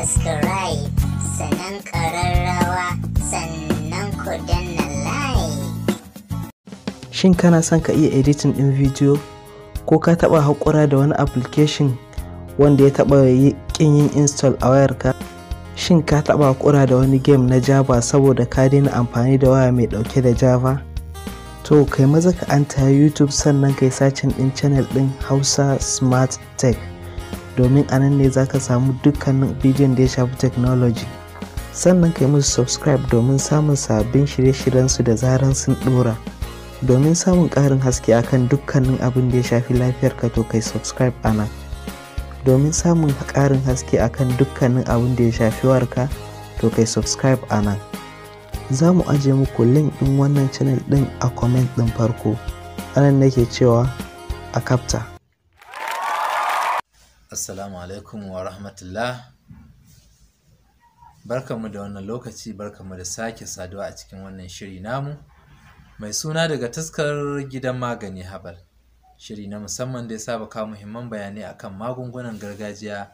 subscribe sannan ƙararrawa sannan ku danna like. Shin kana son ka iya editing ɗin bidiyo? Ko ka taɓa haƙura da wani application wanda ya taɓa ƙin yin install a wayarka? Shin ka taɓa haƙura da wani game na Java saboda ka daina amfani da waya mai ɗauke da Java? To kai maza ka an ta YouTube sannan kai sacin ɗin channel ɗin Hausa Smart Tech. domin a nan ne za ka samu dukkanin bidiyon da ya shafi technology sannan ka yi musu subscribe domin samun sabbin shirye shiryen su da zaran sun dora domin samun ƙarin haske akan dukkanin abin da ya shafi lafiyarka to kai subscribe a nan domin samun ƙarin haske akan dukkanin abin da ya shafi warka to kai subscribe a nan za mu aje muku link ɗin wannan channel ɗin a comment ɗin farko anan nake cewa a kapta Assalamu alaikum wa rahmatullah. Barkanmu da wannan lokaci, barkanmu da sake saduwa a cikin wannan shiri namu. Mai suna daga taskar gidan magani Habal. Shiri na musamman da ya saba kawo muhimman bayanai akan magungunan gargajiya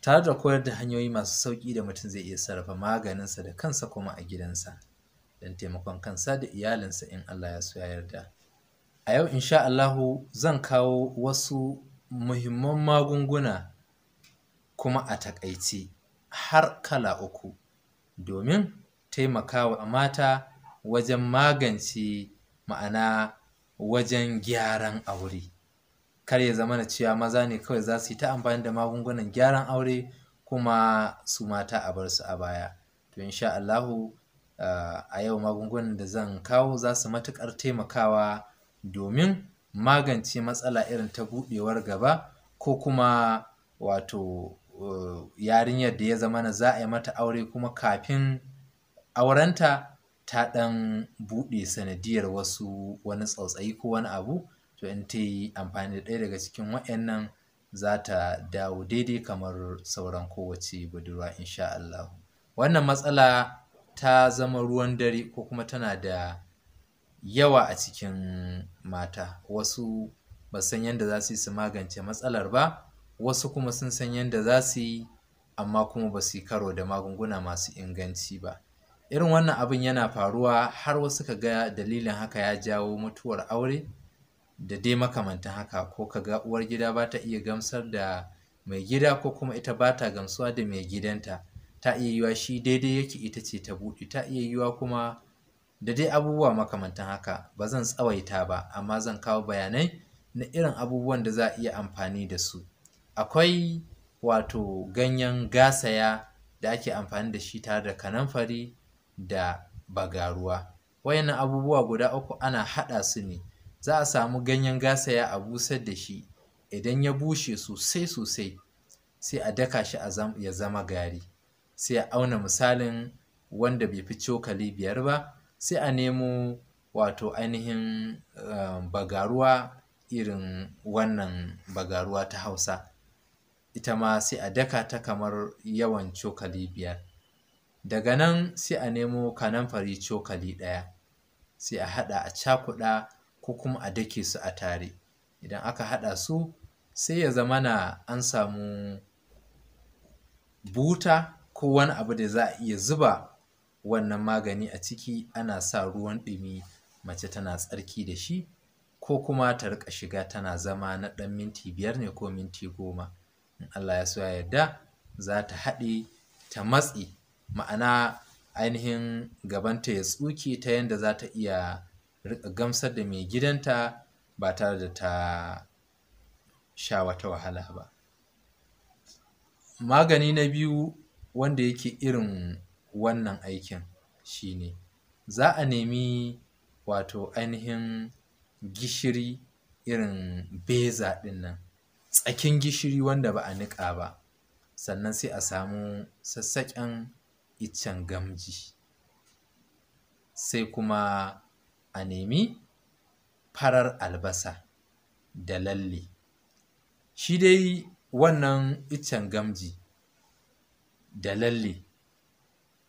tare da koyar da hanyoyi masu sauƙi da mutum zai iya sarrafa maganin sa da kansa kuma a gidansa don taimakon kansa da iyalinsa in Allah ya so ya yarda. A yau insha Allahu zan kawo wasu muhimman magunguna kuma a takaice har kala uku domin taimakawa mata wajen magance ma'ana wajen gyaran aure. Kar ya zama na cewa maza ne kawai za su yi ta amfani da magungunan gyaran aure kuma su mata a bar su a baya. To in Allahu eh, a yau magungunan da zan kawo za su matuƙar taimakawa domin magance matsala irin ta buɗewar gaba ko kuma wato eh, yarinyar da ya zama na za a yi mata aure kuma kafin aurenta ta ɗan buɗe sanadiyar wasu wani tsautsayi ko wani abu to in ta yi amfani da ɗaya daga cikin wa'annan za ta dawo daidai kamar sauran kowace budurwa insha Wannan matsala ta zama ruwan dare ko kuma tana da yawa a cikin mata wasu ba san yadda za su yi su magance matsalar ba wasu kuma sun san yadda za su yi amma kuma ba su yi karo da magunguna masu inganci ba irin wannan abin yana faruwa har wasu ka ga dalilin haka ya jawo mutuwar aure da dai makamantan haka ko ka ga uwar gida ba ta iya gamsar da mai gida ko kuma ita ba ta gamsuwa da mai gidanta ta iya yiwuwa shi daidai yake ita ce ta buɗe ta iya yiwuwa kuma da dai abubuwa makamantan haka ba zan tsawaita ba amma zan kawo bayanai na irin abubuwan da za a iya amfani da su akwai wato ganyen gasaya da ake amfani da shi tare da kanamfari da bagaruwa wayannan abubuwa guda uku ana haɗa su ne za a samu ganyen gasaya a busar da shi idan ya bushe sosai sosai sai a daka shi ya zama gari sai a auna misalin wanda bai fi cokali biyar ba sai a nemo wato ainihin eh, bagaruwa irin wannan bagaruwa ta hausa ita ma sai a daka ta kamar yawan cokali biyar daga nan sai a nemo kanamfari cokali ɗaya sai a haɗa a cakuɗa ko kuma a dake su a tare idan aka haɗa su sai ya zama na an samu buta ko wani abu da za a iya zuba wannan magani a ciki ana sa ruwan ɗumi mace tana tsarki da shi ko kuma ta riƙa shiga tana zama na ɗan minti biyar ne ko minti goma in Allah ya so ya yarda za ta haɗe ta matsi ma'ana ainihin gabanta ya tsuke ta yadda za ta iya riƙa gamsar da mai gidanta ba tare da ta sha wata wahala ba magani na biyu wanda yake irin wannan aikin shi ne za a nemi wato ainihin gishiri irin beza ɗin nan tsakin gishiri wanda ba a niƙa ba sannan sai a samu sassaƙen iccen gamji sai kuma a nemi farar albasa da lalle shi dai wannan iccen gamji da lalle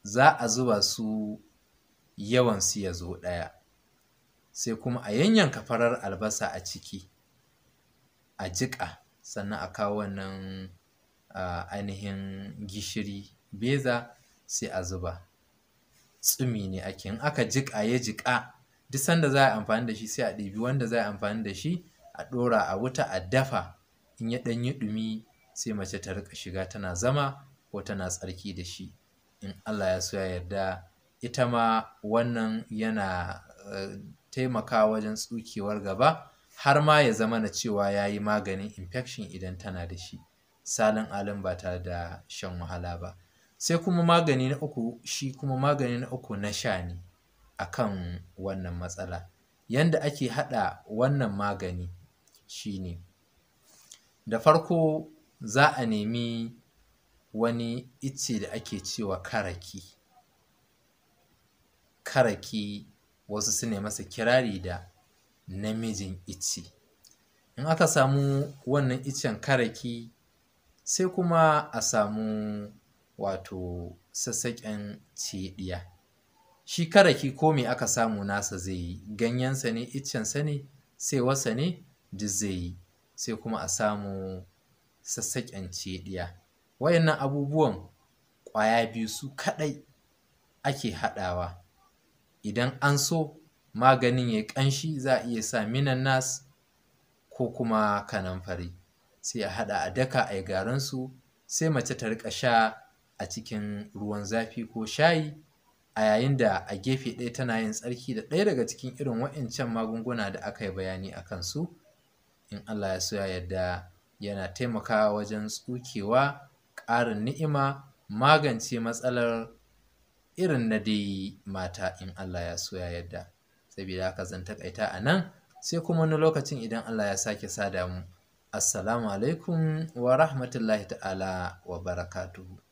za a zuba su yawan su ya zo ɗaya sai kuma a yanyan kafarar albasa a ciki a jiƙa sannan a kawo wannan ainihin gishiri beza sai a zuba tsumi ne a kin. aka jiƙa ya jiƙa duk sanda za a amfani da shi sai a ɗibi wanda za a amfani da shi a ɗora a wuta a dafa in ya ɗan ɗumi sai mace ta riƙa shiga tana zama ko tana tsarki da shi in Allah ya so ya yarda ita ma wannan yana eh, taimaka wajen tsukewar gaba har ma ya zama na cewa ya yi maganin infection idan tana da shi salin alin ba tare da shan wahala ba sai kuma magani na uku shi kuma magani na uku na sha ne a kan wannan matsala yanda ake haɗa wannan magani shi ne. da farko za a nemi wani icce da ake cewa karaki. Karaki wasu su ne masa kirari da namijin icce. In aka samu wannan iccen karaki sai kuma a samu wato sassaƙen ceɗiya. Shi karaki ko me aka samu nasa zai yi, ganyensa ne, iccensa ne, sai wasa ne duk zai yi. Sai kuma a samu sassaƙen ceɗiya. Wayannan abubuwan ƙwaya biyu su kaɗai ake haɗawa. Idan an so maganin ya ƙanshi za a iya sa nas ko kuma kanamfari sai a haɗa a daka a garin su sai mace ta riƙa sha a cikin ruwan zafi ko shayi a yayin da a gefe ɗaya tana yin tsarki da ɗaya daga cikin irin wa'incan magunguna da aka yi bayani a kansu, In Allah ya so ya yarda yana taimakawa wajen tsukewa ƙarin ni'ima magance matsalar irin na dai mata in Allah ya so ya yarda saboda haka zan takaita a nan sai kuma wani lokacin idan Allah ya sake sada mu assalamu alaikum wa rahmatullahi ta'ala wa barakatuhu